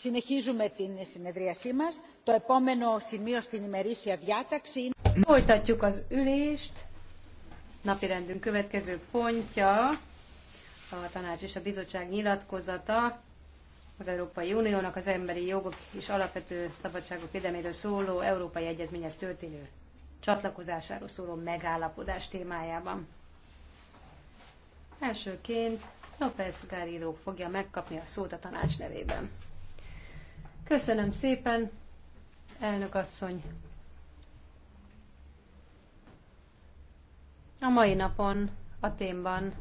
Συνεχίζουμε Folytatjuk az ülést. Napirendünk következő pontja a tanács és a bizottság nyilatkozata az Európai Uniónak az emberi jogok és alapvető szabadságok védelméről szóló Európai Egyezményhez történő csatlakozásáról szóló megállapodás témájában. Elsőként López Garrido fogja megkapni a szót a tanács nevében. Köszönöm szépen, elnök asszony. A mai napon a témban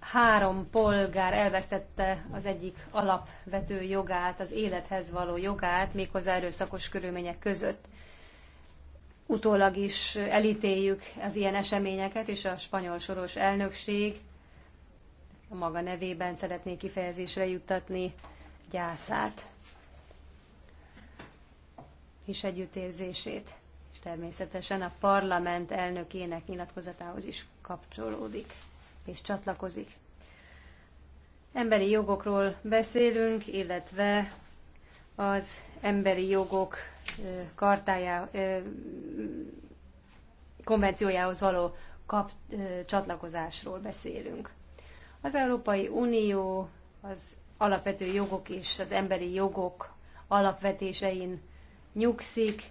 három polgár elvesztette az egyik alapvető jogát, az élethez való jogát, méghozzá erőszakos körülmények között. Utólag is elítéljük az ilyen eseményeket, és a spanyol soros elnökség a maga nevében szeretné kifejezésre juttatni gyászát és együttérzését, és természetesen a parlament elnökének nyilatkozatához is kapcsolódik és csatlakozik. Emberi jogokról beszélünk, illetve az emberi jogok kartájá, konvenciójához való kap, csatlakozásról beszélünk. Az Európai Unió az alapvető jogok és az emberi jogok alapvetésein nyugszik,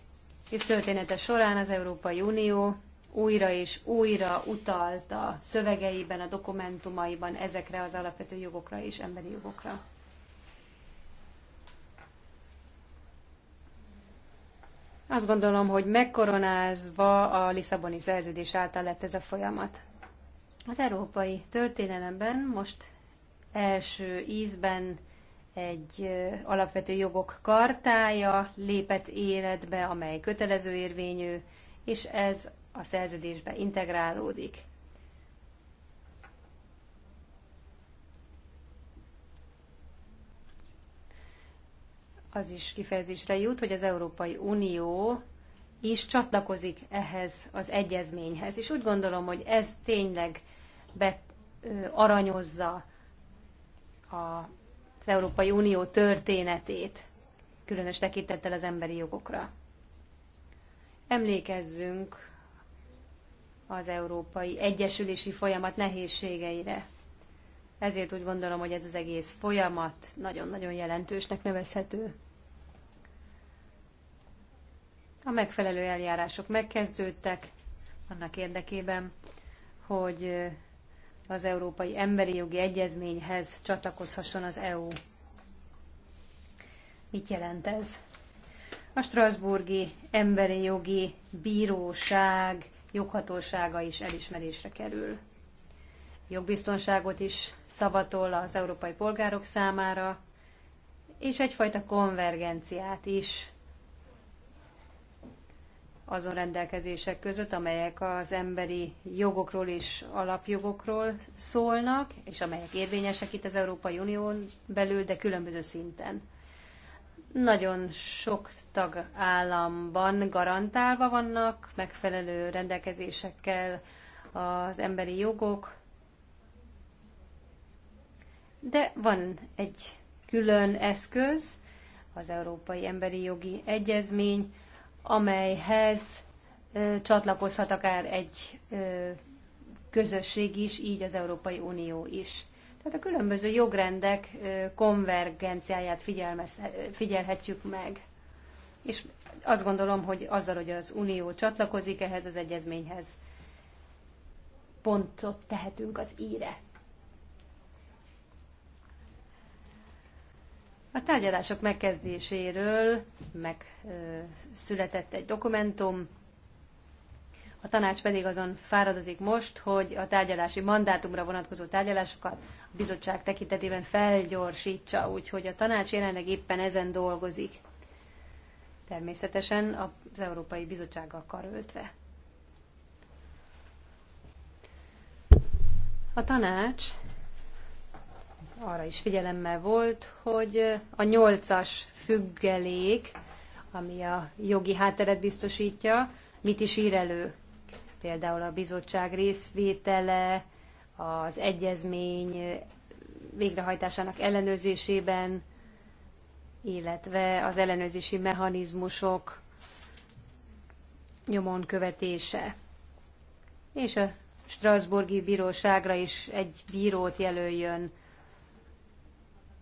és története során az Európai Unió újra és újra utalt a szövegeiben, a dokumentumaiban ezekre az alapvető jogokra és emberi jogokra. Azt gondolom, hogy megkoronázva a Lisszaboni szerződés által lett ez a folyamat. Az európai történelemben most első ízben egy alapvető jogok kartája lépett életbe, amely kötelező érvényű, és ez a szerződésbe integrálódik. Az is kifejezésre jut, hogy az Európai Unió is csatlakozik ehhez az egyezményhez, és úgy gondolom, hogy ez tényleg bearanyozza az Európai Unió történetét, különös tekintettel az emberi jogokra. Emlékezzünk az európai egyesülési folyamat nehézségeire. Ezért úgy gondolom, hogy ez az egész folyamat nagyon-nagyon jelentősnek nevezhető. A megfelelő eljárások megkezdődtek annak érdekében, hogy az Európai Emberi Jogi Egyezményhez csatlakozhasson az EU. Mit jelent ez? A Strasburgi Emberi Jogi Bíróság joghatósága is elismerésre kerül. Jogbiztonságot is szavatol az európai polgárok számára, és egyfajta konvergenciát is azon rendelkezések között, amelyek az emberi jogokról és alapjogokról szólnak, és amelyek érvényesek itt az Európai Unión belül, de különböző szinten. Nagyon sok tagállamban garantálva vannak megfelelő rendelkezésekkel az emberi jogok, de van egy külön eszköz, az Európai Emberi Jogi Egyezmény, amelyhez csatlakozhat akár egy közösség is, így az Európai Unió is. Tehát a különböző jogrendek konvergenciáját figyelhetjük meg. És azt gondolom, hogy azzal, hogy az Unió csatlakozik ehhez az egyezményhez, pontot tehetünk az íre. A tárgyalások megkezdéséről megszületett egy dokumentum, a tanács pedig azon fáradozik most, hogy a tárgyalási mandátumra vonatkozó tárgyalásokat a bizottság tekintetében felgyorsítsa, úgyhogy a tanács jelenleg éppen ezen dolgozik. Természetesen az Európai Bizottsággal karöltve. A tanács arra is figyelemmel volt, hogy a nyolcas függelék, ami a jogi hátteret biztosítja, mit is ír elő. Például a bizottság részvétele, az egyezmény végrehajtásának ellenőrzésében, illetve az ellenőrzési mechanizmusok nyomon követése. És a Strasburgi Bíróságra is egy bírót jelöljön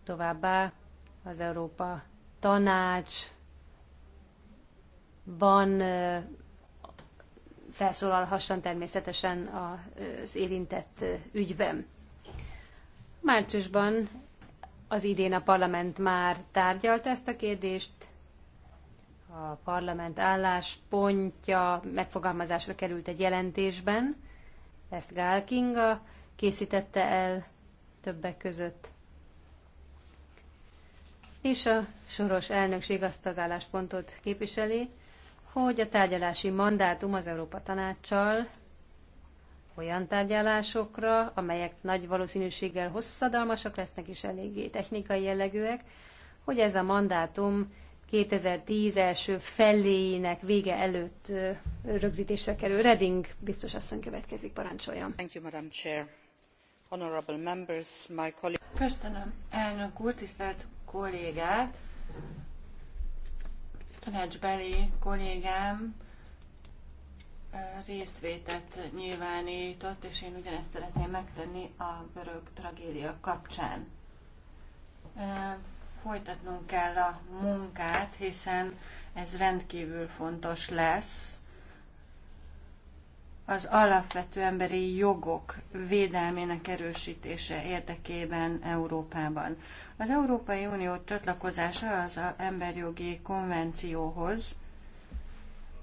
Továbbá az Európa tanácsban felszólalhasson természetesen az érintett ügyben. Márciusban az idén a parlament már tárgyalta ezt a kérdést, a parlament álláspontja megfogalmazásra került egy jelentésben, ezt Gál Kinga készítette el többek között és a soros elnökség azt az álláspontot képviseli, hogy a tárgyalási mandátum az Európa Tanácssal olyan tárgyalásokra, amelyek nagy valószínűséggel hosszadalmasak lesznek és eléggé technikai jellegűek, hogy ez a mandátum 2010 első felének vége előtt rögzítésre kerül. Reding biztos asszony következik, parancsolja. Thank you, Madam Chair. Honorable members, my colleague... Köszönöm, elnök úr, tisztelt kollégát, tanácsbeli kollégám részvétet nyilvánított, és én ugyanezt szeretném megtenni a görög tragédia kapcsán. Folytatnunk kell a munkát, hiszen ez rendkívül fontos lesz az alapvető emberi jogok védelmének erősítése érdekében Európában. Az Európai Unió csatlakozása az emberjogi konvencióhoz,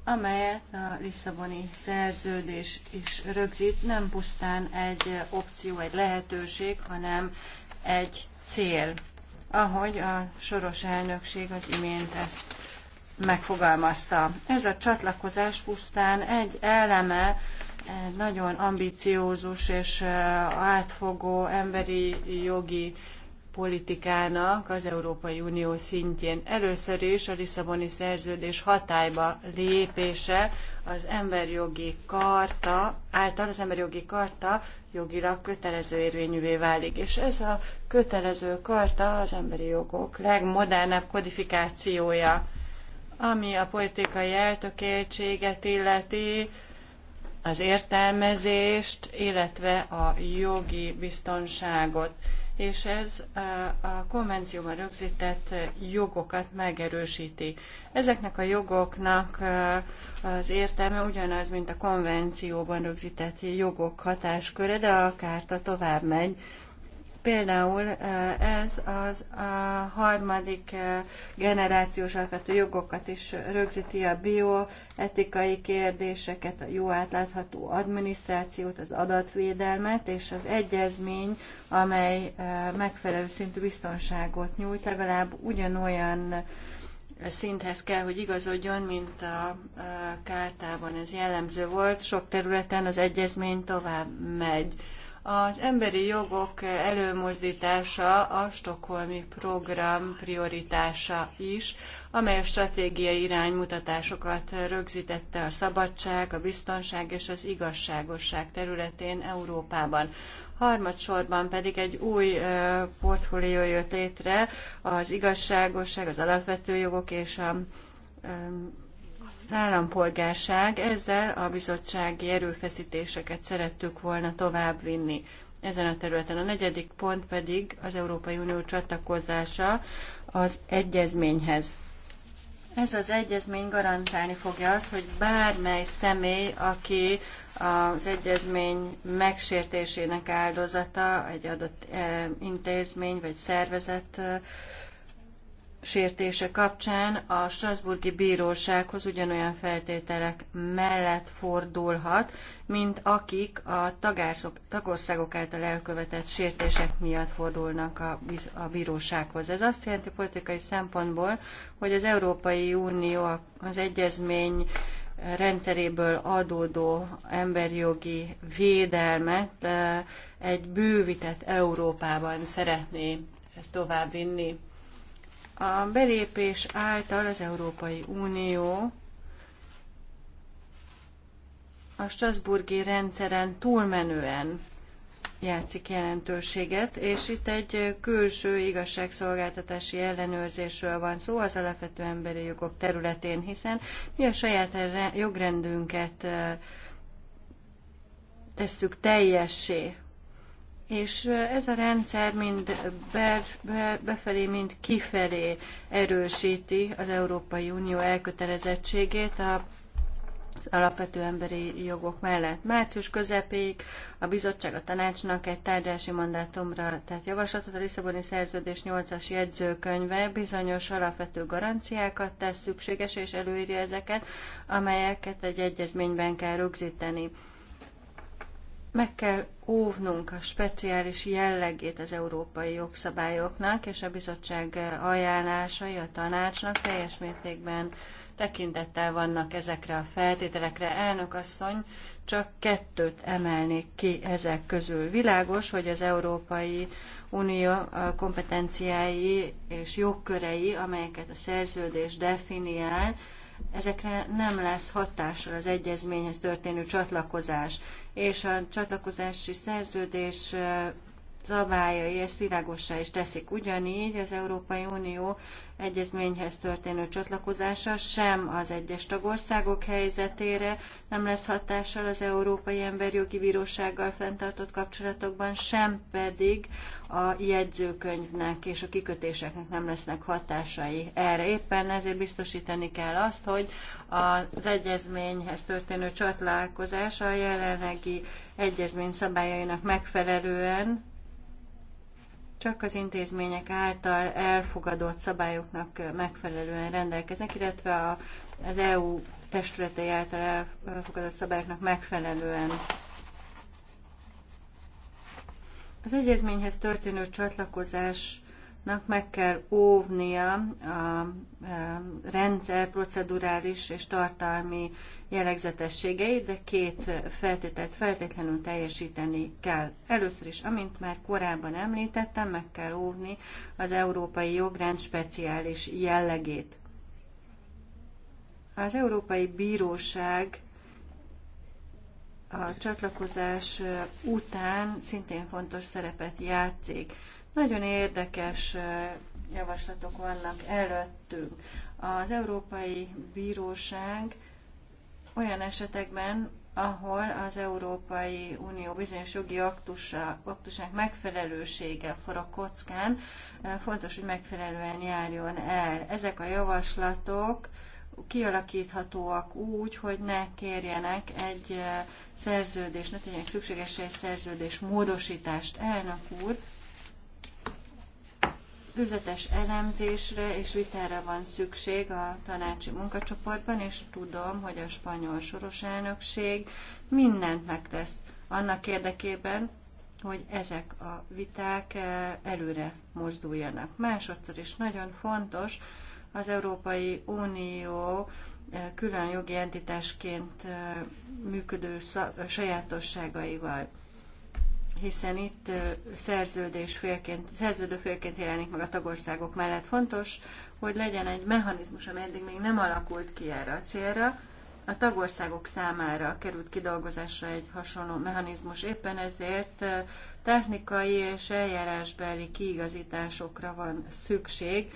amelyet a Lisszaboni szerződés is rögzít, nem pusztán egy opció, egy lehetőség, hanem egy cél, ahogy a soros elnökség az imént ezt megfogalmazta. Ez a csatlakozás pusztán egy eleme egy nagyon ambiciózus és átfogó emberi jogi politikának az Európai Unió szintjén. Először is a Lisszaboni szerződés hatályba lépése az emberjogi karta által az emberjogi karta jogilag kötelező érvényűvé válik. És ez a kötelező karta az emberi jogok legmodernebb kodifikációja. Ami a politikai eltökéltséget illeti, az értelmezést, illetve a jogi biztonságot. És ez a konvencióban rögzített jogokat megerősíti. Ezeknek a jogoknak az értelme ugyanaz, mint a konvencióban rögzített jogok hatásköre, de a kárta tovább megy. Például eh, ez az a harmadik eh, generációs alapvető jogokat is rögzíti a bioetikai kérdéseket, a jó átlátható adminisztrációt, az adatvédelmet és az egyezmény, amely eh, megfelelő szintű biztonságot nyújt, legalább ugyanolyan szinthez kell, hogy igazodjon, mint a kártában ez jellemző volt. Sok területen az egyezmény tovább megy. Az emberi jogok előmozdítása a stokholmi program prioritása is, amely a stratégiai iránymutatásokat rögzítette a szabadság, a biztonság és az igazságosság területén Európában. Harmadsorban pedig egy új portfólió jött létre az igazságosság, az alapvető jogok és a az állampolgárság. Ezzel a bizottsági erőfeszítéseket szerettük volna továbbvinni ezen a területen. A negyedik pont pedig az Európai Unió csatlakozása az egyezményhez. Ez az egyezmény garantálni fogja azt, hogy bármely személy, aki az egyezmény megsértésének áldozata, egy adott eh, intézmény vagy szervezet eh, sértése kapcsán a Strasburgi Bírósághoz ugyanolyan feltételek mellett fordulhat, mint akik a tagárszok, tagországok által elkövetett sértések miatt fordulnak a, a bírósághoz. Ez azt jelenti politikai szempontból, hogy az Európai Unió az egyezmény rendszeréből adódó emberjogi védelmet eh, egy bővített Európában szeretné továbbvinni. A belépés által az Európai Unió a Strasburgi rendszeren túlmenően játszik jelentőséget, és itt egy külső igazságszolgáltatási ellenőrzésről van szó az alapvető emberi jogok területén, hiszen mi a saját jogrendünket tesszük teljessé és ez a rendszer mind be, be, befelé, mind kifelé erősíti az Európai Unió elkötelezettségét a az alapvető emberi jogok mellett. Március közepéig a bizottság a tanácsnak egy tárgyalási mandátumra tehát javaslatot a Lisszaboni Szerződés 8-as jegyzőkönyve bizonyos alapvető garanciákat tesz szükséges és előírja ezeket, amelyeket egy egyezményben kell rögzíteni meg kell óvnunk a speciális jellegét az európai jogszabályoknak, és a bizottság ajánlásai a tanácsnak teljes mértékben tekintettel vannak ezekre a feltételekre. Elnök asszony, csak kettőt emelnék ki ezek közül. Világos, hogy az Európai Unió kompetenciái és jogkörei, amelyeket a szerződés definiál, ezekre nem lesz hatással az egyezményhez történő csatlakozás és a csatlakozási szerződés szabályai ezt világossá is teszik. Ugyanígy az Európai Unió egyezményhez történő csatlakozása sem az egyes tagországok helyzetére nem lesz hatással az Európai Emberjogi Bírósággal fenntartott kapcsolatokban, sem pedig a jegyzőkönyvnek és a kikötéseknek nem lesznek hatásai erre. Éppen ezért biztosítani kell azt, hogy az egyezményhez történő csatlakozás a jelenlegi egyezmény szabályainak megfelelően csak az intézmények által elfogadott szabályoknak megfelelően rendelkeznek, illetve az EU testületei által elfogadott szabályoknak megfelelően. Az egyezményhez történő csatlakozásnak meg kell óvnia a rendszer procedurális és tartalmi jellegzetességeit, de két feltételt feltétlenül teljesíteni kell. Először is, amint már korábban említettem, meg kell óvni az európai jogrend speciális jellegét. Az Európai Bíróság a csatlakozás után szintén fontos szerepet játszik. Nagyon érdekes javaslatok vannak előttünk. Az Európai Bíróság olyan esetekben, ahol az Európai Unió bizonyos jogi aktusa, aktusának megfelelősége a kockán, eh, fontos, hogy megfelelően járjon el. Ezek a javaslatok kialakíthatóak úgy, hogy ne kérjenek egy eh, szerződést, ne tegyenek szükséges egy szerződés módosítást. Elnök úr, tüzetes elemzésre és vitára van szükség a tanácsi munkacsoportban, és tudom, hogy a spanyol soros elnökség mindent megtesz annak érdekében, hogy ezek a viták eh, előre mozduljanak. Másodszor is nagyon fontos az Európai Unió eh, külön jogi entitásként eh, működő sajátosságaival hiszen itt szerződés félként, szerződő félként jelenik meg a tagországok mellett. Fontos, hogy legyen egy mechanizmus, ami eddig még nem alakult ki erre a célra. A tagországok számára került kidolgozásra egy hasonló mechanizmus. Éppen ezért technikai és eljárásbeli kiigazításokra van szükség,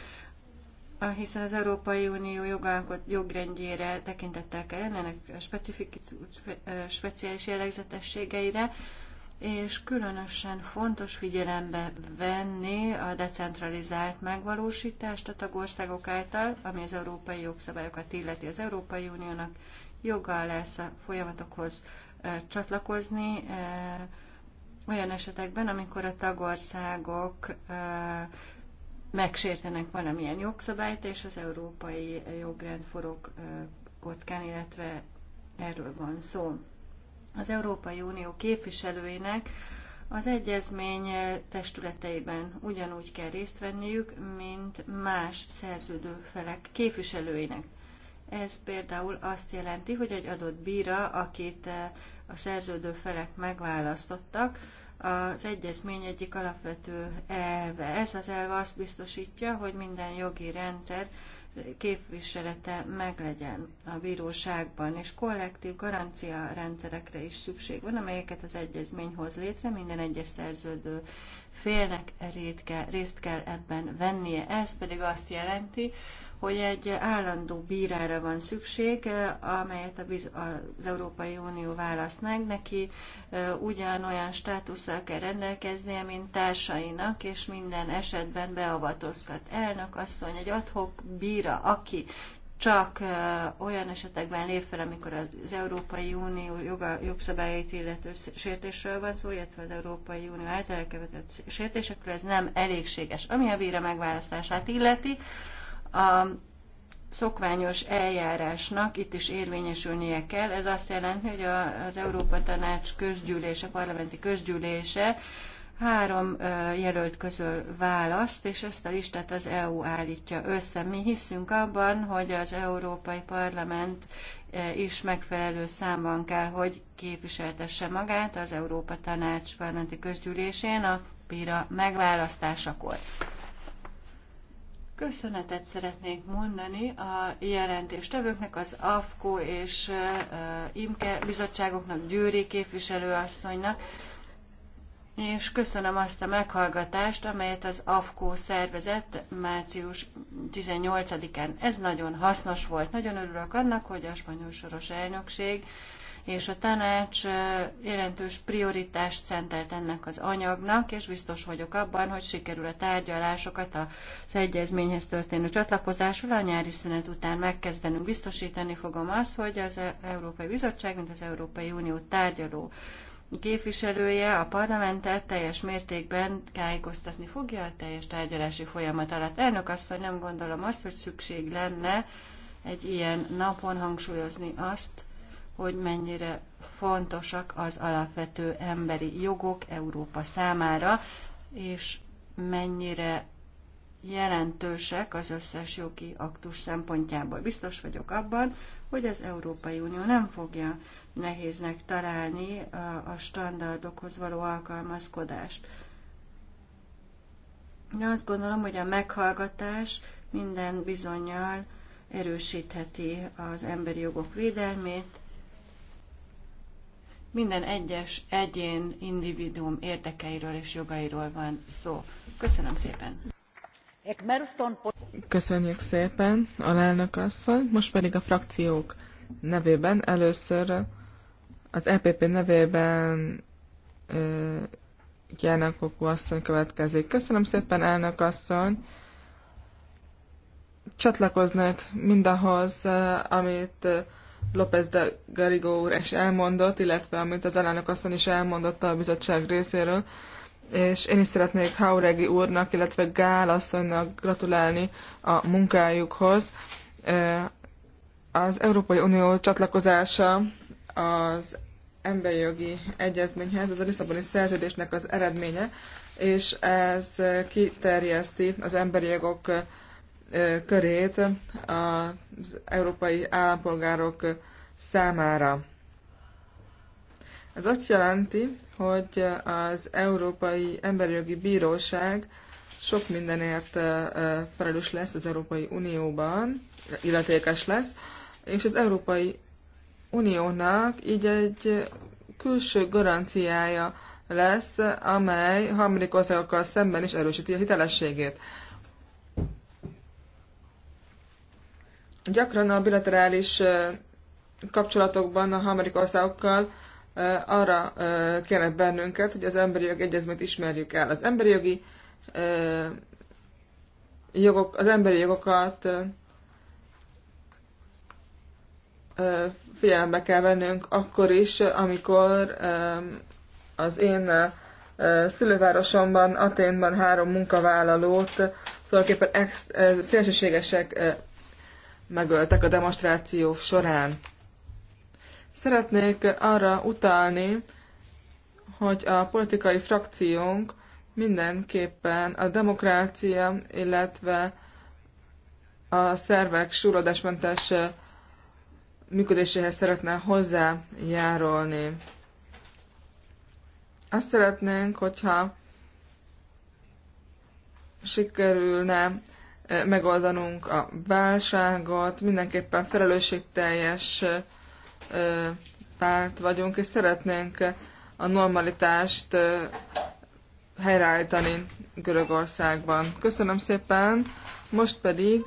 hiszen az Európai Unió jogalkot, jogrendjére tekintettel kell ennek specifikus, speciális jellegzetességeire, és különösen fontos figyelembe venni a decentralizált megvalósítást a tagországok által, ami az európai jogszabályokat illeti. Az Európai Uniónak joga lesz a folyamatokhoz csatlakozni olyan esetekben, amikor a tagországok megsértenek valamilyen jogszabályt, és az európai jogrend forog kockán, illetve erről van szó az Európai Unió képviselőinek az egyezmény testületeiben ugyanúgy kell részt venniük, mint más szerződő felek képviselőinek. Ez például azt jelenti, hogy egy adott bíra, akit eh, a szerződő felek megválasztottak, az egyezmény egyik alapvető elve. Ez az elve azt biztosítja, hogy minden jogi rendszer képviselete meglegyen a bíróságban, és kollektív garancia rendszerekre is szükség van, amelyeket az egyezmény hoz létre, minden egyes szerződő félnek részt kell ebben vennie. Ez pedig azt jelenti, hogy egy állandó bírára van szükség, eh, amelyet az Európai Unió választ meg. Neki eh, ugyanolyan státusszal kell rendelkeznie, mint társainak, és minden esetben beavatozhat. Elnök asszony, egy adhok bíra, aki csak eh, olyan esetekben lép fel, amikor az Európai Unió joga, jogszabályait illető sértésről van szó, illetve az Európai Unió által elkövetett sértésekről, ez nem elégséges. Ami a bíra megválasztását illeti, a szokványos eljárásnak itt is érvényesülnie kell. Ez azt jelenti, hogy az Európa Tanács közgyűlése, parlamenti közgyűlése három jelölt közül választ, és ezt a listát az EU állítja össze. Mi hiszünk abban, hogy az Európai Parlament is megfelelő számban kell, hogy képviseltesse magát az Európa Tanács parlamenti közgyűlésén a PIRA megválasztásakor. Köszönetet szeretnék mondani a jelentéstevőknek, az AFKO és IMKE bizottságoknak, Győri képviselőasszonynak, és köszönöm azt a meghallgatást, amelyet az AFKO szervezett március 18-án. Ez nagyon hasznos volt. Nagyon örülök annak, hogy a spanyol soros elnökség és a tanács jelentős prioritást szentelt ennek az anyagnak, és biztos vagyok abban, hogy sikerül a tárgyalásokat az egyezményhez történő csatlakozásul a nyári szünet után megkezdenünk. Biztosítani fogom azt, hogy az e- Európai Bizottság, mint az Európai Unió tárgyaló képviselője a parlamentet teljes mértékben tájékoztatni fogja a teljes tárgyalási folyamat alatt. Elnök asszony, nem gondolom azt, hogy szükség lenne egy ilyen napon hangsúlyozni azt, hogy mennyire fontosak az alapvető emberi jogok Európa számára, és mennyire jelentősek az összes jogi aktus szempontjából. Biztos vagyok abban, hogy az Európai Unió nem fogja nehéznek találni a standardokhoz való alkalmazkodást. De azt gondolom, hogy a meghallgatás minden bizonyal erősítheti az emberi jogok védelmét, minden egyes egyén, individuum érdekeiről és jogairól van szó. Köszönöm szépen! Köszönjük szépen, alelnök asszony. Most pedig a frakciók nevében először az EPP nevében Jánakokú asszony következik. Köszönöm szépen, elnök asszony. Csatlakoznak mindahhoz, amit López de Garrigó úr is elmondott, illetve amit az elnök asszony is elmondotta a bizottság részéről. És én is szeretnék Hauregi úrnak, illetve Gál asszonynak gratulálni a munkájukhoz. Az Európai Unió csatlakozása az emberi jogi egyezményhez, ez a Lisszaboni szerződésnek az eredménye, és ez kiterjeszti az emberi jogok körét az európai állampolgárok számára. Ez azt jelenti, hogy az Európai Emberi Jogi Bíróság sok mindenért felelős lesz az Európai Unióban, illetékes lesz, és az Európai Uniónak így egy külső garanciája lesz, amely harmadik országokkal szemben is erősíti a hitelességét. Gyakran a bilaterális kapcsolatokban a harmadik országokkal arra kéne bennünket, hogy az emberi jogi egyezményt ismerjük el. Az emberi jogi jogok, az emberi jogokat figyelembe kell vennünk akkor is, amikor az én szülővárosomban, Aténban három munkavállalót tulajdonképpen ex- szélsőségesek megöltek a demonstráció során. Szeretnék arra utalni, hogy a politikai frakciónk mindenképpen a demokrácia, illetve a szervek súrodásmentes működéséhez szeretne hozzájárulni. Azt szeretnénk, hogyha sikerülne megoldanunk a válságot, mindenképpen felelősségteljes párt vagyunk, és szeretnénk a normalitást helyreállítani Görögországban. Köszönöm szépen, most pedig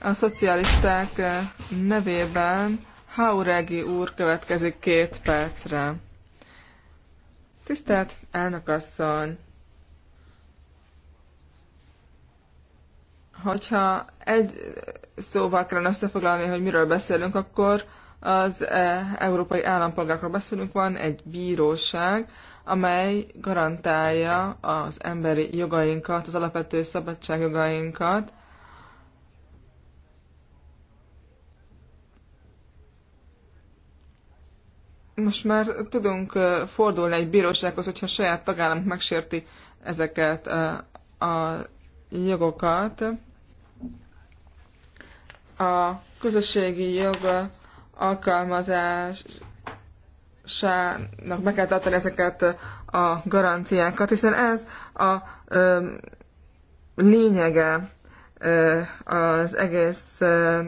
a szocialisták nevében Hauregi úr következik két percre. Tisztelt elnökasszony! Hogyha egy szóval kellene összefoglalni, hogy miről beszélünk, akkor az e, európai állampolgárokról beszélünk, van egy bíróság, amely garantálja az emberi jogainkat, az alapvető szabadságjogainkat, most már tudunk e, fordulni egy bírósághoz, hogyha saját tagállamok megsérti ezeket e, a jogokat a közösségi jog alkalmazásának meg kell tartani ezeket a garanciákat, hiszen ez a ö, lényege ö, az egész ö,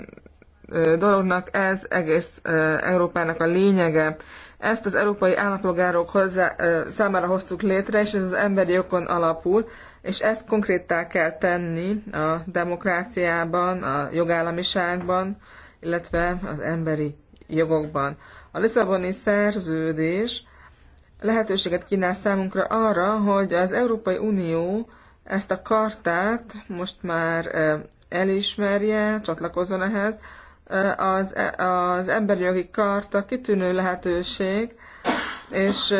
dolognak, ez egész Európának a lényege. Ezt az európai állampolgárok hozzá, számára hoztuk létre, és ez az emberi jogon alapul és ezt konkréttá kell tenni a demokráciában, a jogállamiságban, illetve az emberi jogokban. A Lisszaboni szerződés lehetőséget kínál számunkra arra, hogy az Európai Unió ezt a kartát most már elismerje, csatlakozzon ehhez. Az, e, az emberi jogi karta kitűnő lehetőség, és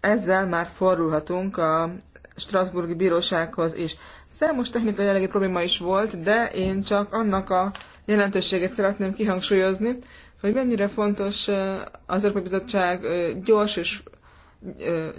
ezzel már fordulhatunk a Strasburgi Bírósághoz is. Számos technikai jellegű probléma is volt, de én csak annak a jelentőséget szeretném kihangsúlyozni, hogy mennyire fontos eh, az Európai Bizottság eh, gyors és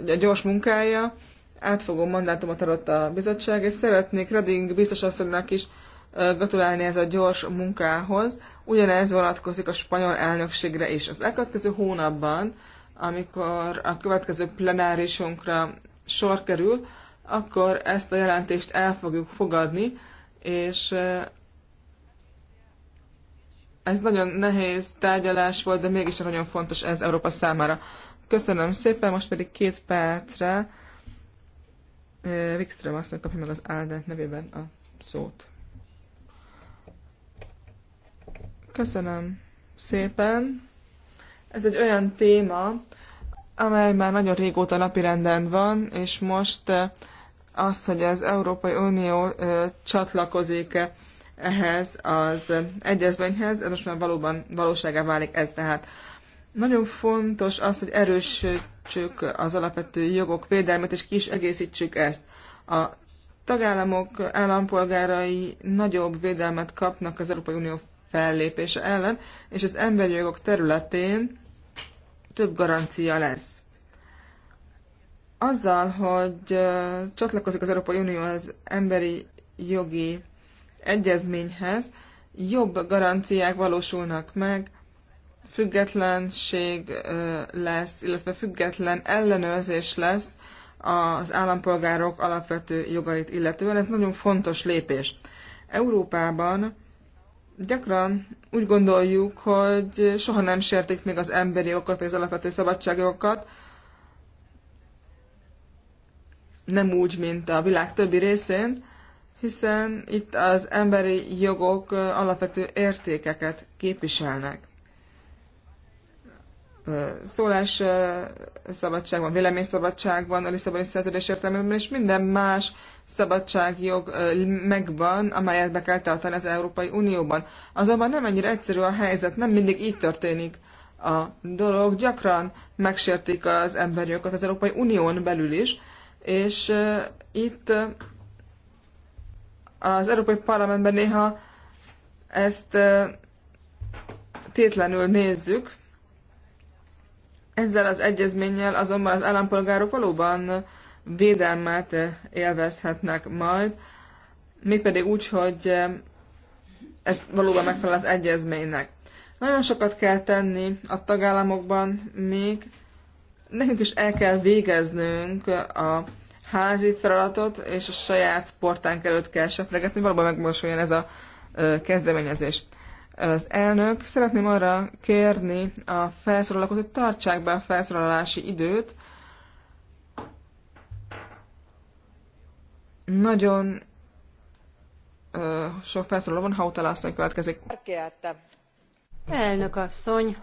eh, gyors munkája, átfogó mandátumot adott a bizottság, és szeretnék Reding biztos asszonynak is gratulálni ez a gyors munkához. Ugyanez vonatkozik a spanyol elnökségre is. Az elkövetkező hónapban amikor a következő plenárisunkra sor kerül, akkor ezt a jelentést el fogjuk fogadni, és ez nagyon nehéz tárgyalás volt, de mégis nagyon fontos ez Európa számára. Köszönöm szépen, most pedig két percre Wikström azt kapja meg az áldát nevében a szót. Köszönöm szépen. Ez egy olyan téma, amely már nagyon régóta napirenden van, és most eh, az, hogy az Európai Unió eh, csatlakozik ehhez az egyezményhez, ez most már valóban valóságá válik ez tehát. Nagyon fontos az, hogy erősítsük az alapvető jogok védelmet, és ki is egészítsük ezt. A tagállamok állampolgárai nagyobb védelmet kapnak az Európai Unió fellépése ellen, és az emberi jogok területén több garancia lesz. Azzal, hogy csatlakozik az Európai Unió az emberi jogi egyezményhez, jobb garanciák valósulnak meg, függetlenség lesz, illetve független ellenőrzés lesz az állampolgárok alapvető jogait illetően. Ez nagyon fontos lépés. Európában gyakran úgy gondoljuk, hogy soha nem sértik még az emberi okat vagy az alapvető szabadságokat, nem úgy, mint a világ többi részén, hiszen itt az emberi jogok alapvető értékeket képviselnek szólás szabadság van, véleményszabadság van a Lisszaboni szerződés értelmében, és minden más szabadságjog megvan, amelyet be kell tartani az Európai Unióban. Azonban nem ennyire egyszerű a helyzet, nem mindig így történik a dolog. Gyakran megsértik az emberjogokat az Európai Unión belül is, és itt az Európai Parlamentben néha ezt tétlenül nézzük, ezzel az egyezménnyel azonban az állampolgárok valóban védelmet élvezhetnek majd, mégpedig úgy, hogy ez valóban megfelel az egyezménynek. Nagyon sokat kell tenni a tagállamokban még, nekünk is el kell végeznünk a házi feladatot, és a saját portánk előtt kell sepregetni, valóban megmosoljon ez a kezdeményezés az elnök. Szeretném arra kérni a felszólalókat, hogy tartsák be a felszólalási időt. Nagyon ö, sok felszólaló van, Hautala asszony következik. Elnök asszony,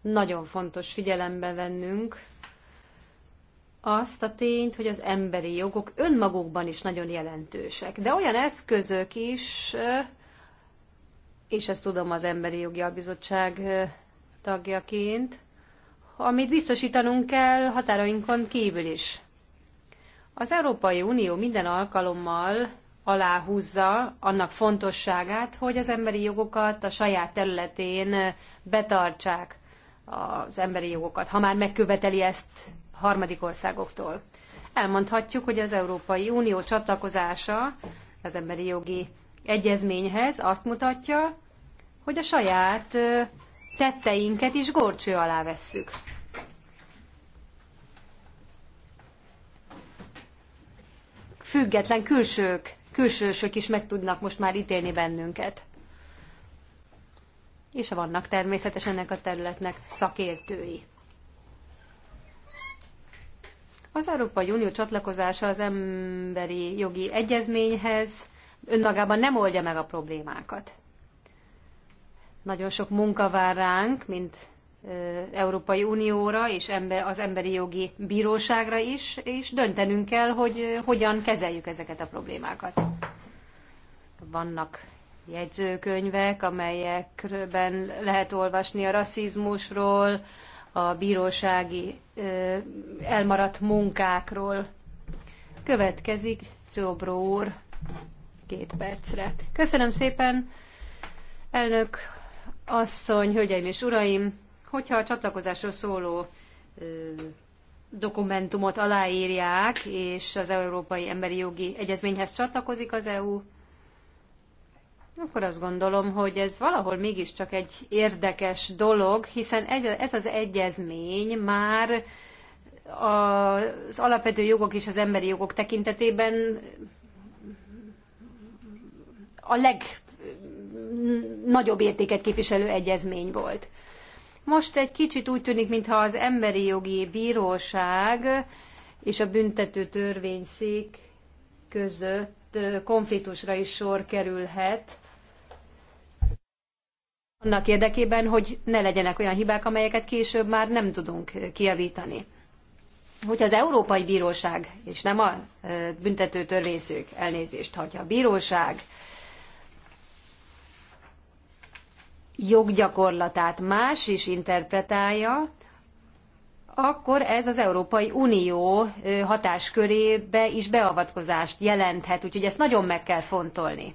nagyon fontos figyelembe vennünk azt a tényt, hogy az emberi jogok önmagukban is nagyon jelentősek, de olyan eszközök is, és ezt tudom az Emberi Jogi Albizottság tagjaként, amit biztosítanunk kell határainkon kívül is. Az Európai Unió minden alkalommal aláhúzza annak fontosságát, hogy az emberi jogokat a saját területén betartsák az emberi jogokat, ha már megköveteli ezt harmadik országoktól. Elmondhatjuk, hogy az Európai Unió csatlakozása az emberi jogi egyezményhez azt mutatja, hogy a saját tetteinket is gorcső alá vesszük. Független külsők, külsősök is meg tudnak most már ítélni bennünket. És vannak természetesen ennek a területnek szakértői. Az Európai Unió csatlakozása az emberi jogi egyezményhez önmagában nem oldja meg a problémákat. Nagyon sok munka vár ránk, mint Európai Unióra és az Emberi Jogi Bíróságra is, és döntenünk kell, hogy hogyan kezeljük ezeket a problémákat. Vannak jegyzőkönyvek, amelyekben lehet olvasni a rasszizmusról, a bírósági elmaradt munkákról. Következik Czobró úr két percre. Köszönöm szépen, elnök asszony, hölgyeim és uraim! Hogyha a csatlakozásról szóló dokumentumot aláírják, és az Európai Emberi Jogi Egyezményhez csatlakozik az EU, akkor azt gondolom, hogy ez valahol mégiscsak egy érdekes dolog, hiszen ez az egyezmény már az alapvető jogok és az emberi jogok tekintetében a legnagyobb értéket képviselő egyezmény volt. Most egy kicsit úgy tűnik, mintha az emberi jogi bíróság és a büntető törvényszék között konfliktusra is sor kerülhet, annak érdekében, hogy ne legyenek olyan hibák, amelyeket később már nem tudunk kijavítani. Hogyha az Európai Bíróság, és nem a büntető törvényszők elnézést, ha a bíróság joggyakorlatát más is interpretálja, akkor ez az Európai Unió hatáskörébe is beavatkozást jelenthet, úgyhogy ezt nagyon meg kell fontolni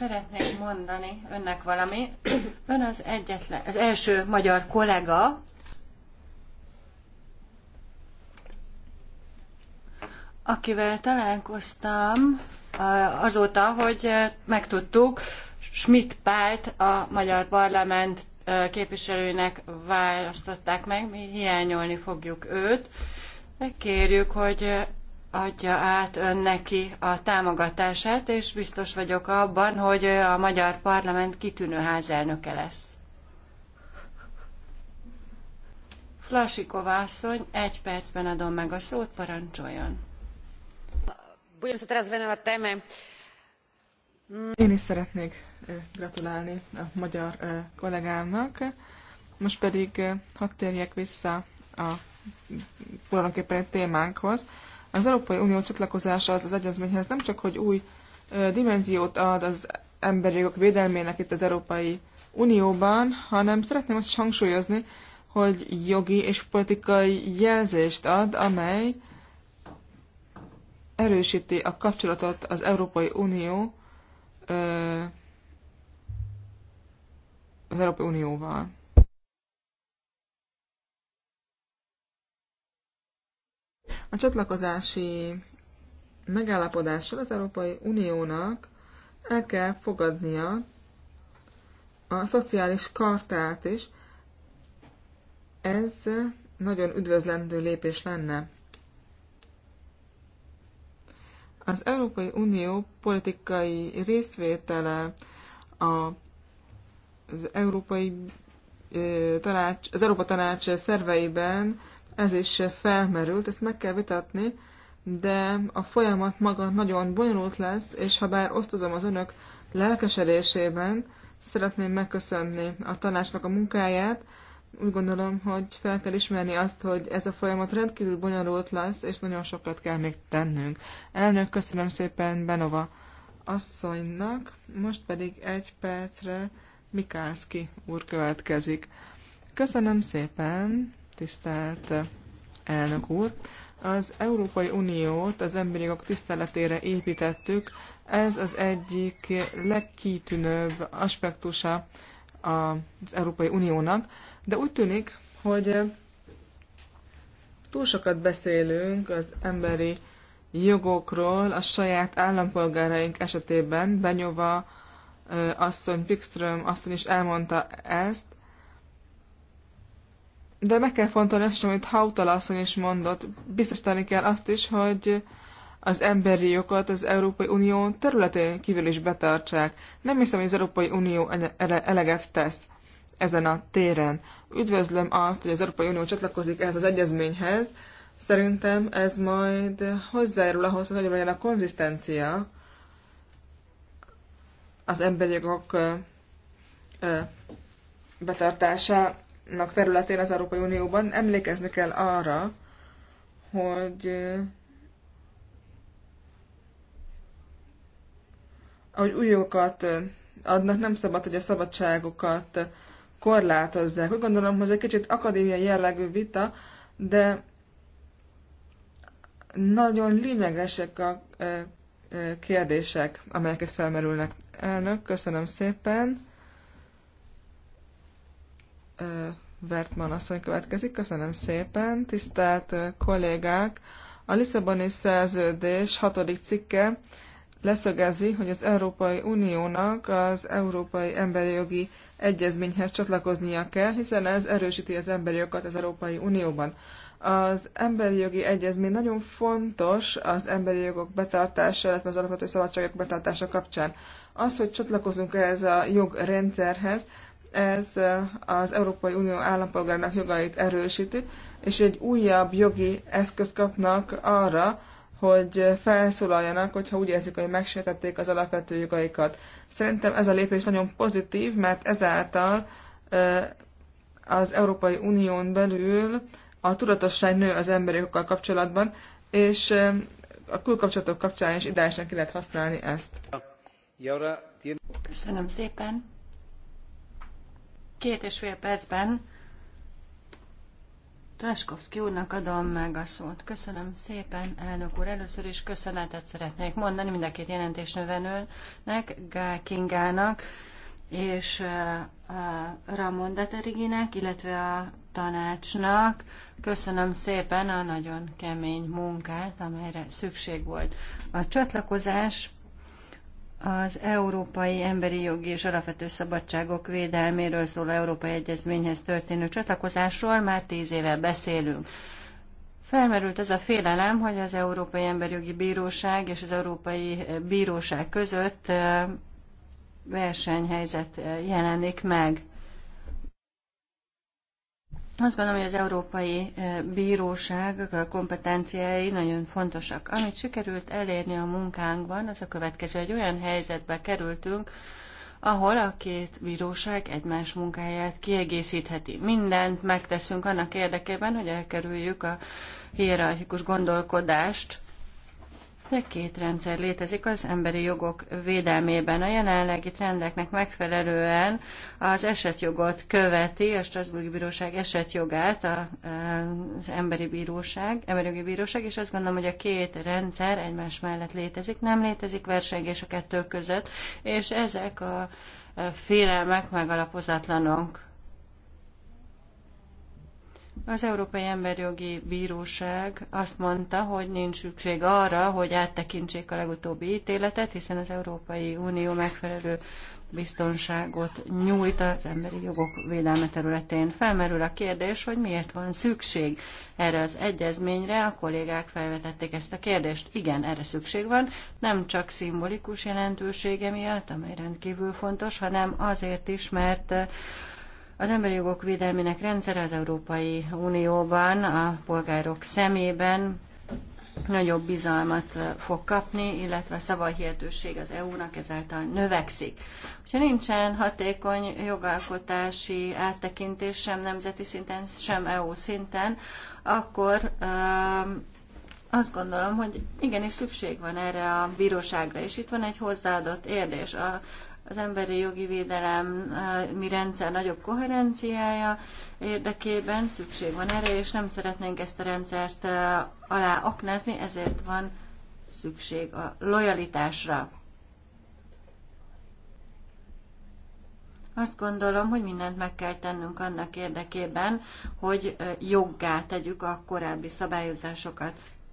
szeretnék mondani önnek valami. Ön az egyetlen, az első magyar kollega, akivel találkoztam azóta, hogy megtudtuk, Schmidt Pált a magyar parlament képviselőnek választották meg, mi hiányolni fogjuk őt. Megkérjük, hogy adja át ön neki a támogatását, és biztos vagyok abban, hogy a magyar parlament kitűnő házelnöke lesz. Flasikova asszony, egy percben adom meg a szót, parancsoljon. Mm. Én is szeretnék gratulálni a magyar kollégámnak. Most pedig hadd térjek vissza a tulajdonképpen témánkhoz, az Európai Unió csatlakozása az, az egyezményhez nem csak, hogy új dimenziót ad az emberi jogok védelmének itt az Európai Unióban, hanem szeretném azt hangsúlyozni, hogy jogi és politikai jelzést ad, amely erősíti a kapcsolatot az Európai Unió az Európai Unióval. A csatlakozási megállapodással az Európai Uniónak el kell fogadnia a szociális kartát is. Ez nagyon üdvözlendő lépés lenne. Az Európai Unió politikai részvétele a az Európai Tanács, az Európa Tanács szerveiben ez is felmerült, ezt meg kell vitatni, de a folyamat maga nagyon bonyolult lesz, és ha bár osztozom az önök lelkesedésében, szeretném megköszönni a tanácsnak a munkáját. Úgy gondolom, hogy fel kell ismerni azt, hogy ez a folyamat rendkívül bonyolult lesz, és nagyon sokat kell még tennünk. Elnök, köszönöm szépen Benova asszonynak, most pedig egy percre Mikálszki úr következik. Köszönöm szépen! tisztelt elnök úr! Az Európai Uniót az emberi jogok tiszteletére építettük. Ez az egyik legkitűnőbb aspektusa az Európai Uniónak, de úgy tűnik, hogy túl sokat beszélünk az emberi jogokról a saját állampolgáraink esetében. Benyova asszony, Pixström asszony is elmondta ezt, de meg kell fontolni azt is, amit Hautal asszony is mondott. Biztosítani kell azt is, hogy az emberi jogokat az Európai Unió területén kívül is betartsák. Nem hiszem, hogy az Európai Unió eleget tesz ezen a téren. Üdvözlöm azt, hogy az Európai Unió csatlakozik ehhez az egyezményhez. Szerintem ez majd hozzájárul ahhoz, hogy nagyobb legyen a konzisztencia az emberi jogok betartása területén az Európai Unióban. Emlékezni kell arra, hogy eh, ahogy új jogokat eh, adnak, nem szabad, hogy a szabadságokat korlátozzák. Úgy gondolom, hogy ez egy kicsit akadémiai jellegű vita, de nagyon lényegesek a eh, kérdések, amelyeket felmerülnek. Elnök, köszönöm szépen. Vertman asszony következik. Köszönöm szépen, tisztelt kollégák! A Lisszaboni szerződés hatodik cikke leszögezi, hogy az Európai Uniónak az Európai Emberi Jogi Egyezményhez csatlakoznia kell, hiszen ez erősíti az emberi jogokat az Európai Unióban. Az emberi jogi egyezmény nagyon fontos az emberi jogok betartása, illetve az alapvető szabadságok betartása kapcsán. Az, hogy csatlakozunk ehhez a jogrendszerhez, ez az Európai Unió állampolgárnak jogait erősíti, és egy újabb jogi eszköz kapnak arra, hogy felszólaljanak, hogyha úgy érzik, hogy megsértették az alapvető jogaikat. Szerintem ez a lépés nagyon pozitív, mert ezáltal az Európai Unión belül a tudatosság nő az emberi jogokkal kapcsolatban, és a külkapcsolatok kapcsán is ideálisan ki lehet használni ezt. Köszönöm szépen. Két és fél percben Traskovszki úrnak adom meg a szót. Köszönöm szépen, elnök úr. Először is köszönetet szeretnék mondani mind a két jelentésnövenőnek, Gál Kingának és Ramon Deteriginek, illetve a tanácsnak. Köszönöm szépen a nagyon kemény munkát, amelyre szükség volt. A csatlakozás az Európai Emberi Jogi és Alapvető Szabadságok Védelméről szóló Európai Egyezményhez történő csatlakozásról már tíz éve beszélünk. Felmerült az a félelem, hogy az Európai Emberi Jogi Bíróság és az Európai Bíróság között versenyhelyzet jelenik meg. Azt gondolom, hogy az Európai Bíróság kompetenciái nagyon fontosak. Amit sikerült elérni a munkánkban, az a következő. hogy olyan helyzetbe kerültünk, ahol a két bíróság egymás munkáját kiegészítheti. Mindent megteszünk annak érdekében, hogy elkerüljük a hierarchikus gondolkodást, de Két rendszer létezik az emberi jogok védelmében. A jelenlegi trendeknek megfelelően az esetjogot követi, a Strasburgi Bíróság esetjogát, az emberi bíróság, emberi bíróság, és azt gondolom, hogy a két rendszer egymás mellett létezik, nem létezik versengés a kettő között, és ezek a félelmek megalapozatlanok az Európai Emberjogi Bíróság azt mondta, hogy nincs szükség arra, hogy áttekintsék a legutóbbi ítéletet, hiszen az Európai Unió megfelelő biztonságot nyújt az emberi jogok védelme területén. Felmerül a kérdés, hogy miért van szükség erre az egyezményre. A kollégák felvetették ezt a kérdést. Igen, erre szükség van, nem csak szimbolikus jelentősége miatt, amely rendkívül fontos, hanem azért is, mert az emberi jogok védelmének rendszere az Európai Unióban a polgárok szemében nagyobb bizalmat fog kapni, illetve a szavahihetőség az EU-nak ezáltal növekszik. Ha nincsen hatékony jogalkotási áttekintés sem nemzeti szinten, sem EU szinten, akkor azt gondolom, hogy igenis szükség van erre a bíróságra, és itt van egy hozzáadott érdés. A az emberi jogi védelem mi rendszer nagyobb koherenciája érdekében szükség van erre, és nem szeretnénk ezt a rendszert alá aknázni, ezért van szükség a lojalitásra. Azt gondolom, hogy mindent meg kell tennünk annak érdekében, hogy joggá tegyük a korábbi szabályozásokat.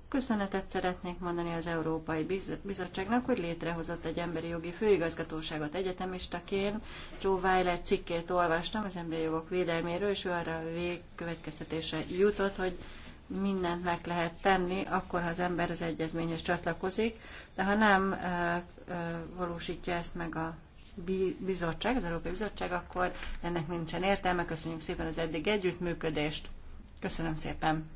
Köszönetet szeretnék mondani az Európai Bizottságnak, hogy létrehozott egy emberi jogi főigazgatóságot egyetemistaként. Joe Weiler cikkét olvastam az emberi jogok védelméről, és ő arra a végkövetkeztetése jutott, hogy mindent meg lehet tenni, akkor ha az ember az egyezményhez csatlakozik, de ha nem e, e, valósítja ezt meg a bizottság, az Európai Bizottság, akkor ennek nincsen értelme. Köszönjük szépen az eddig együttműködést. Köszönöm szépen.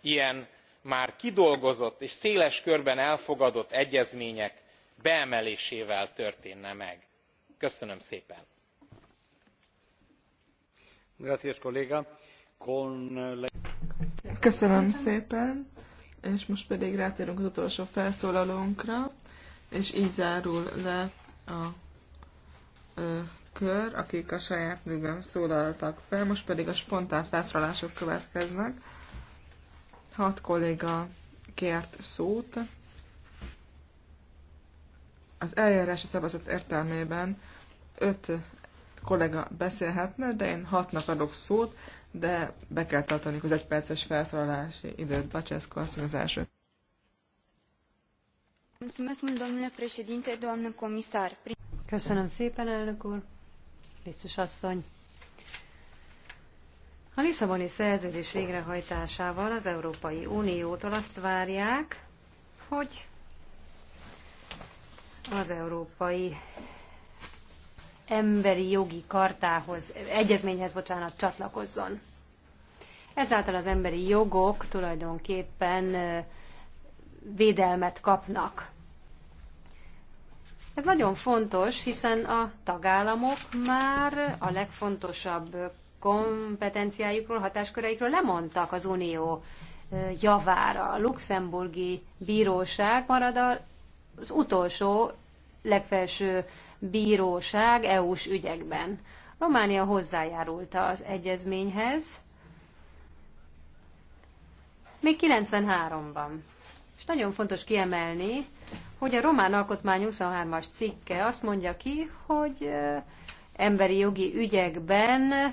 ilyen már kidolgozott és széles körben elfogadott egyezmények beemelésével történne meg. köszönöm szépen! Köszönöm szépen, és most pedig rátérünk az utolsó felszólalónkra, és így zárul le a ö, kör, akik a saját nőben szólaltak fel, most pedig a spontán felszólalások következnek. Hat kolléga kért szót. Az eljárási szavazat értelmében öt kollega beszélhetne, de én hatnak adok szót, de be kell tartani az egyperces felszólalási időt. Bacsászko, az az első. Köszönöm szépen, elnök úr, biztos asszony. A Lisszaboni szerződés végrehajtásával az Európai Uniótól azt várják, hogy az Európai Emberi Jogi Kartához, egyezményhez, bocsánat, csatlakozzon. Ezáltal az emberi jogok tulajdonképpen védelmet kapnak. Ez nagyon fontos, hiszen a tagállamok már a legfontosabb kompetenciájukról, hatásköreikről lemondtak az Unió javára. A luxemburgi bíróság marad az utolsó legfelső bíróság EU-s ügyekben. Románia hozzájárult az egyezményhez, még 93-ban. És nagyon fontos kiemelni, hogy a román alkotmány 23-as cikke azt mondja ki, hogy emberi jogi ügyekben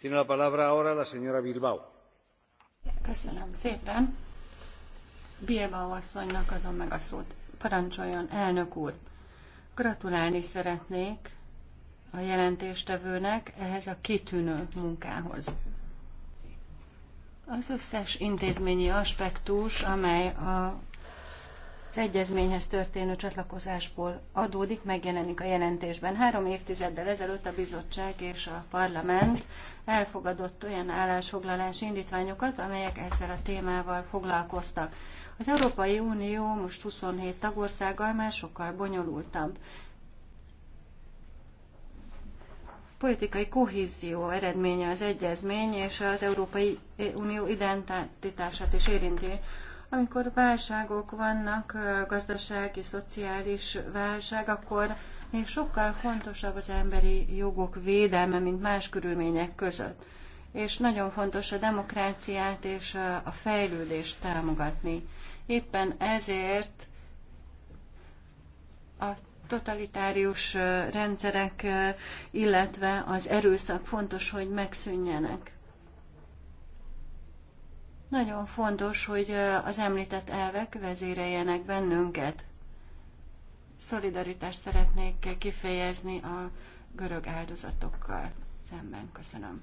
Tiene la palabra ahora la Bilbao asszonynak adom meg a szót. Parancsoljon, elnök úr. Gratulálni szeretnék a jelentéstevőnek ehhez a kitűnő munkához. Az összes intézményi aspektus, amely a az egyezményhez történő csatlakozásból adódik, megjelenik a jelentésben. Három évtizeddel ezelőtt a bizottság és a parlament elfogadott olyan állásfoglalási indítványokat, amelyek ezzel a témával foglalkoztak. Az Európai Unió most 27 tagországgal már sokkal bonyolultabb. Politikai kohézió eredménye az egyezmény, és az Európai Unió identitását is érinti. Amikor válságok vannak, gazdasági, szociális válság, akkor még sokkal fontosabb az emberi jogok védelme, mint más körülmények között. És nagyon fontos a demokráciát és a fejlődést támogatni. Éppen ezért a totalitárius rendszerek, illetve az erőszak fontos, hogy megszűnjenek. Nagyon fontos, hogy az említett elvek vezéreljenek bennünket. Szolidaritást szeretnék kifejezni a görög áldozatokkal szemben. Köszönöm.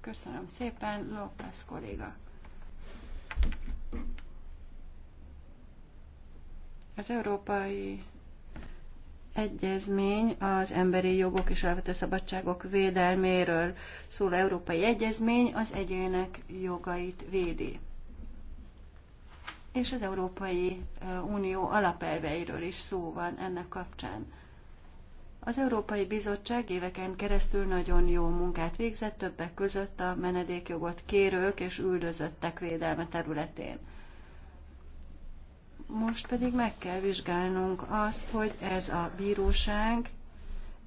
Köszönöm szépen, López kolléga. Az Európai egyezmény az emberi jogok és alapvető szabadságok védelméről szól európai egyezmény, az egyének jogait védi. És az Európai Unió alapelveiről is szó van ennek kapcsán. Az Európai Bizottság éveken keresztül nagyon jó munkát végzett, többek között a menedékjogot kérők és üldözöttek védelme területén. Most pedig meg kell vizsgálnunk azt, hogy ez a bíróság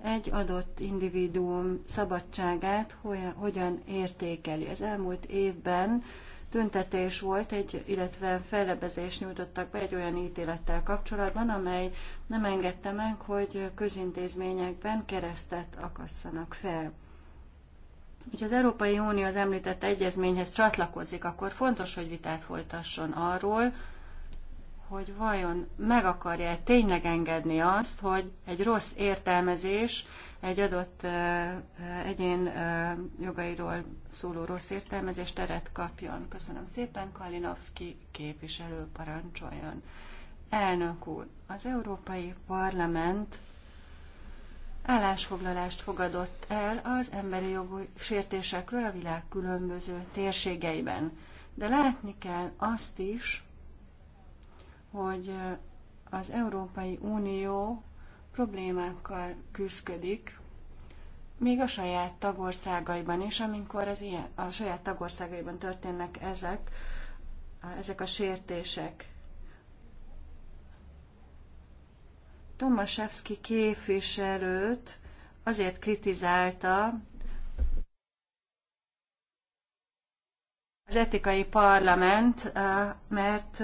egy adott individuum szabadságát hogyan értékeli. Az elmúlt évben tüntetés volt, egy, illetve fellebezést nyújtottak be egy olyan ítélettel kapcsolatban, amely nem engedte meg, hogy közintézményekben keresztet akasszanak fel. Hogyha az Európai Unió az említett egyezményhez csatlakozik, akkor fontos, hogy vitát folytasson arról, hogy vajon meg akarja -e tényleg engedni azt, hogy egy rossz értelmezés, egy adott egyén jogairól szóló rossz értelmezés teret kapjon. Köszönöm szépen, Kalinowski képviselő parancsoljon. Elnök úr, az Európai Parlament állásfoglalást fogadott el az emberi jogok sértésekről a világ különböző térségeiben. De látni kell azt is, hogy az Európai Unió problémákkal küzdik, még a saját tagországaiban is, amikor az ilyen, a saját tagországaiban történnek ezek, ezek a sértések. Tomaszewski képviselőt azért kritizálta az etikai parlament, mert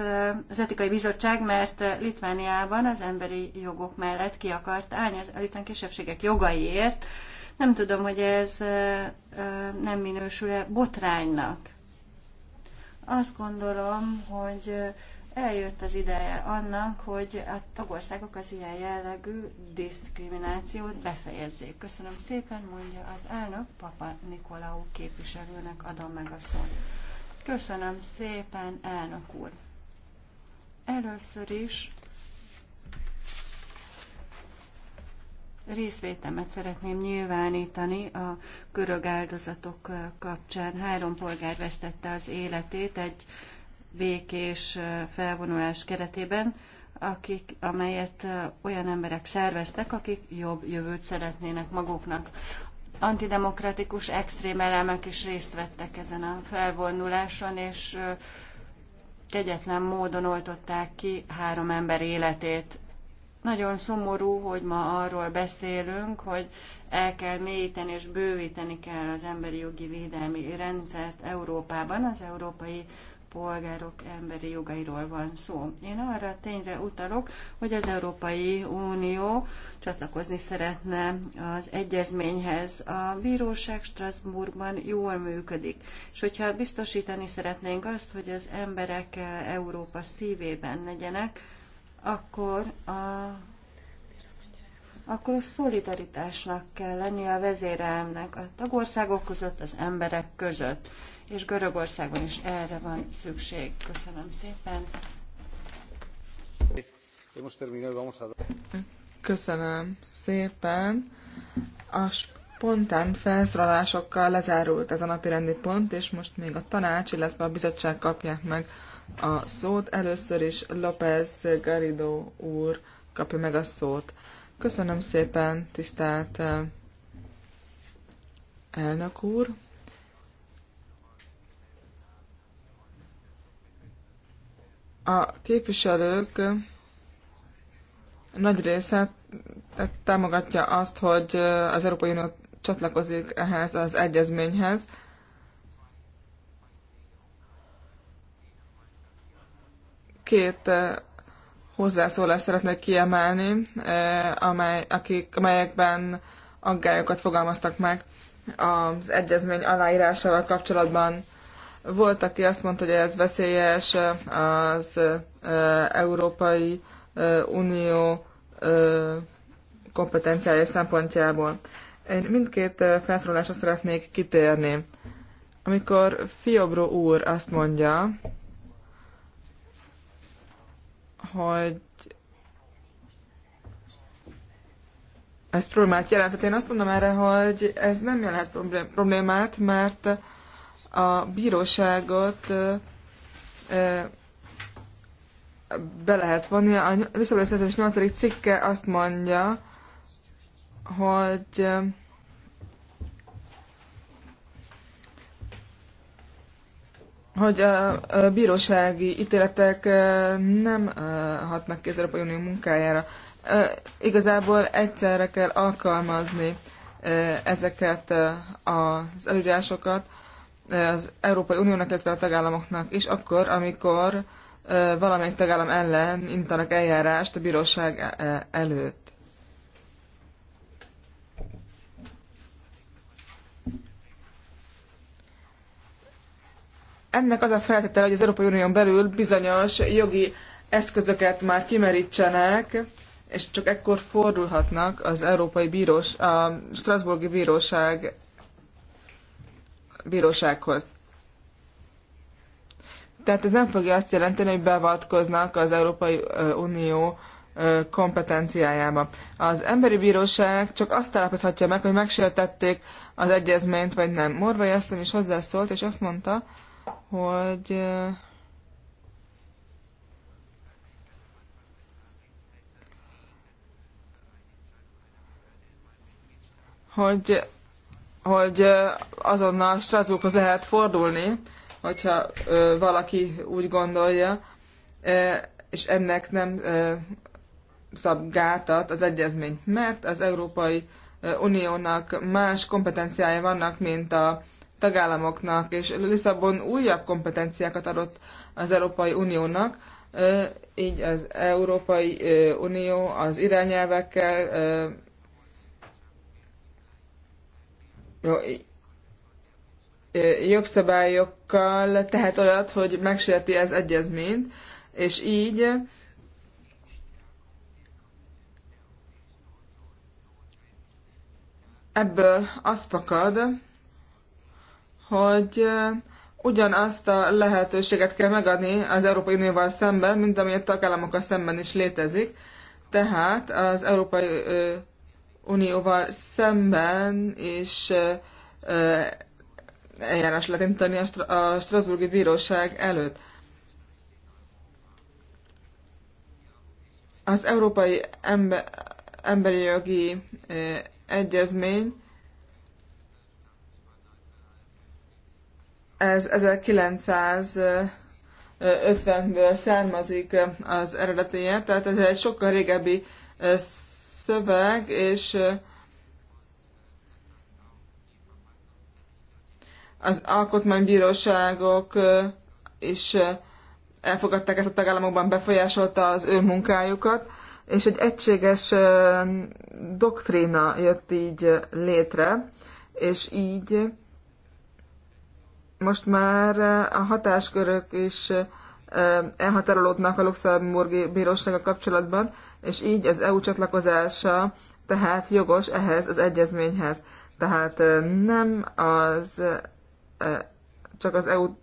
az etikai bizottság, mert Litvániában az emberi jogok mellett ki akart állni a litván kisebbségek jogaiért. Nem tudom, hogy ez nem minősül-e botránynak. Azt gondolom, hogy eljött az ideje annak, hogy a tagországok az ilyen jellegű diszkriminációt befejezzék. Köszönöm szépen, mondja az elnök, Papa Nikolaou képviselőnek adom meg a szót. Köszönöm szépen, elnök úr. Először is részvétemet szeretném nyilvánítani a körög áldozatok kapcsán. Három polgár vesztette az életét egy békés felvonulás keretében, akik, amelyet olyan emberek szerveztek, akik jobb jövőt szeretnének maguknak antidemokratikus extrém elemek is részt vettek ezen a felvonuláson, és kegyetlen módon oltották ki három ember életét. Nagyon szomorú, hogy ma arról beszélünk, hogy el kell mélyíteni és bővíteni kell az emberi jogi védelmi rendszert Európában. Az Európai polgárok emberi jogairól van szó. Én arra tényre utalok, hogy az Európai Unió csatlakozni szeretne az egyezményhez. A bíróság Strasbourgban jól működik, és hogyha biztosítani szeretnénk azt, hogy az emberek Európa szívében legyenek, akkor a akkor a szolidaritásnak kell lenni a vezérelmnek a tagországok között, az emberek között és Görögországban is erre van szükség. Köszönöm szépen. Köszönöm szépen. A spontán felszólalásokkal lezárult ez a napi rendi pont, és most még a tanács, illetve a bizottság kapják meg a szót. Először is López garido úr kapja meg a szót. Köszönöm szépen, tisztelt eh, elnök úr! A képviselők nagy része támogatja azt, hogy az Európai Unió csatlakozik ehhez az egyezményhez. Két eh, hozzászólást szeretnék kiemelni, eh, amely, akik, amelyekben aggályokat fogalmaztak meg az egyezmény aláírásával kapcsolatban. Volt, aki azt mondta, hogy ez veszélyes az Európai Unió kompetenciája szempontjából. Én mindkét felszólalásra szeretnék kitérni. Amikor Fiobro úr azt mondja, hogy ez problémát jelent. Hát én azt mondom erre, hogy ez nem jelent problémát, mert a bíróságot be lehet vonni. A Lisszaboni Szerződés 8. cikke azt mondja, hogy hogy a, a bírósági ítéletek nem hatnak ki az Európai Unió munkájára. Igazából egyszerre kell alkalmazni ezeket az előírásokat az Európai Uniónak, illetve a tagállamoknak is, akkor, amikor valamelyik tagállam ellen intanak eljárást a bíróság e, e, előtt. Ennek az a feltétele, hogy az Európai Unión belül bizonyos jogi eszközöket már kimerítsenek, és csak ekkor fordulhatnak az Európai bíróság, a Strasburgi Bíróság bírósághoz. Tehát ez nem fogja azt jelenteni, hogy beavatkoznak az Európai Unió kompetenciájába. Az emberi bíróság csak azt állapíthatja meg, hogy megsértették az egyezményt, vagy nem. Morvai asszony is hozzászólt, és azt mondta, hogy hogy hogy azonnal Strasbourghoz lehet fordulni, hogyha valaki úgy gondolja, és ennek nem szab gátat az egyezményt, mert az Európai Uniónak más kompetenciája vannak, mint a tagállamoknak, és Lisszabon újabb kompetenciákat adott az Európai Uniónak, így az Európai Unió az irányelvekkel, jogszabályokkal tehet olyat, hogy megsérti ez egyezményt, és így ebből az fakad, hogy ugyanazt a lehetőséget kell megadni az Európai Unióval szemben, mint ami a tagállamokkal szemben is létezik. Tehát az Európai Unióval szemben is eljárás lehet indítani a, Str- a Strasburgi Bíróság előtt. Az Európai Embe- Emberi Jogi Egyezmény ez 1950-ből származik az eredetéje, tehát ez egy sokkal régebbi szöveg, és az alkotmánybíróságok is elfogadták ezt a tagállamokban, befolyásolta az ő munkájukat, és egy egységes doktrína jött így létre, és így most már a hatáskörök is elhatárolódnak a luxemburgi bírósága kapcsolatban, és így az EU csatlakozása tehát jogos ehhez az egyezményhez. Tehát nem az csak az EU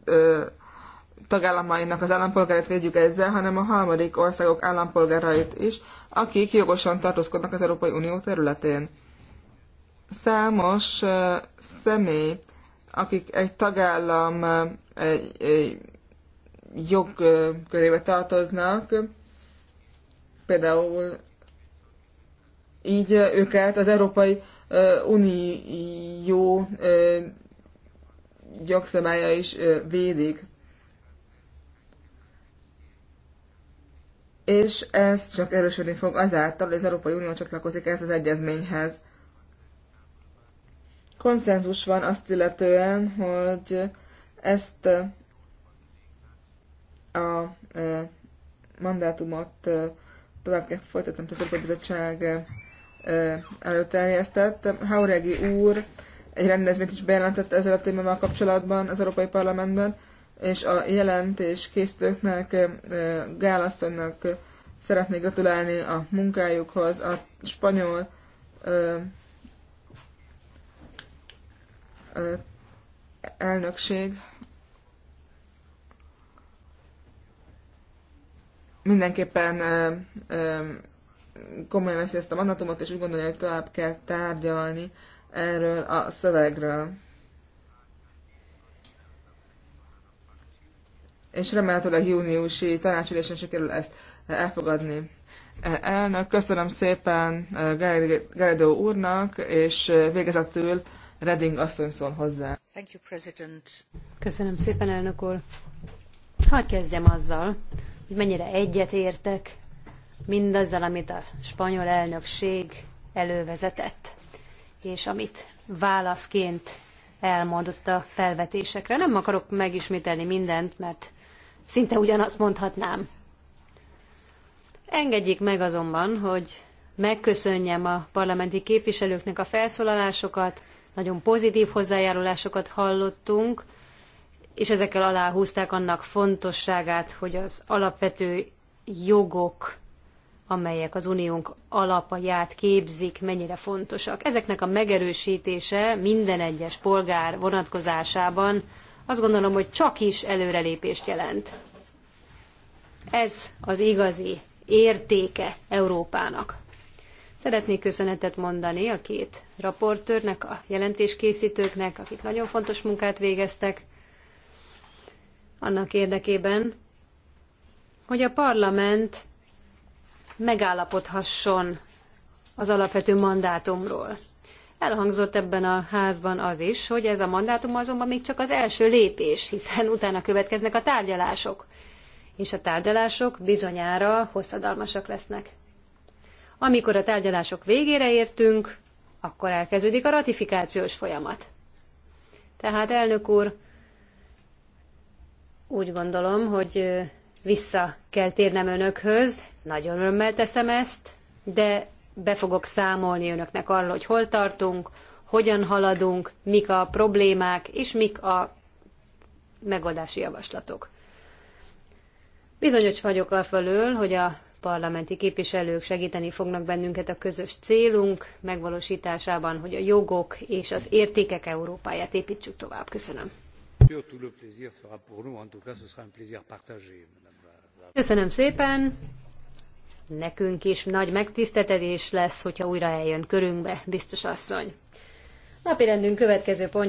tagállamainak az állampolgárait védjük ezzel, hanem a harmadik országok állampolgárait is, akik jogosan tartózkodnak az Európai Unió területén. Számos személy, akik egy tagállam jogkörébe tartoznak, például így őket az Európai Unió gyakszabálya is védik. És ez csak erősödni fog azáltal, hogy az Európai Unió csatlakozik ehhez az egyezményhez. Konszenzus van azt illetően, hogy ezt a mandátumot tovább kell folytatnom, tehát a bizottság előterjesztett. Hauregi úr egy rendezvényt is bejelentett ezzel a témával kapcsolatban az Európai Parlamentben, és a jelentés készítőknek, Gálasszonynak szeretnék gratulálni a munkájukhoz, a spanyol elnökség mindenképpen komolyan veszi ezt a mandatumot, és úgy gondolja, hogy tovább kell tárgyalni erről a szövegről. És remélhetőleg júniusi tanácsülésen sikerül ezt elfogadni. E, elnök, köszönöm szépen Geredó úrnak, és végezetül Reding asszony szól hozzá. Thank you, President. Köszönöm szépen, elnök úr. Hadd kezdjem azzal, hogy mennyire egyetértek mindazzal, amit a spanyol elnökség elővezetett, és amit válaszként elmondott a felvetésekre. Nem akarok megismételni mindent, mert szinte ugyanazt mondhatnám. Engedjék meg azonban, hogy megköszönjem a parlamenti képviselőknek a felszólalásokat, nagyon pozitív hozzájárulásokat hallottunk, és ezekkel aláhúzták annak fontosságát, hogy az alapvető jogok, amelyek az uniónk alapját képzik, mennyire fontosak. Ezeknek a megerősítése minden egyes polgár vonatkozásában azt gondolom, hogy csak is előrelépést jelent. Ez az igazi értéke Európának. Szeretnék köszönetet mondani a két raportőrnek, a jelentéskészítőknek, akik nagyon fontos munkát végeztek, annak érdekében, hogy a parlament megállapodhasson az alapvető mandátumról. Elhangzott ebben a házban az is, hogy ez a mandátum azonban még csak az első lépés, hiszen utána következnek a tárgyalások. És a tárgyalások bizonyára hosszadalmasak lesznek. Amikor a tárgyalások végére értünk, akkor elkezdődik a ratifikációs folyamat. Tehát elnök úr, úgy gondolom, hogy vissza kell térnem önökhöz, nagyon örömmel teszem ezt, de be fogok számolni önöknek arról, hogy hol tartunk, hogyan haladunk, mik a problémák, és mik a megoldási javaslatok. Bizonyos vagyok a hogy a parlamenti képviselők segíteni fognak bennünket a közös célunk megvalósításában, hogy a jogok és az értékek Európáját építsük tovább. Köszönöm. Köszönöm szépen. Nekünk is nagy megtiszteltetés lesz, hogyha újra eljön körünkbe, biztos asszony. Napirendünk következő pontja.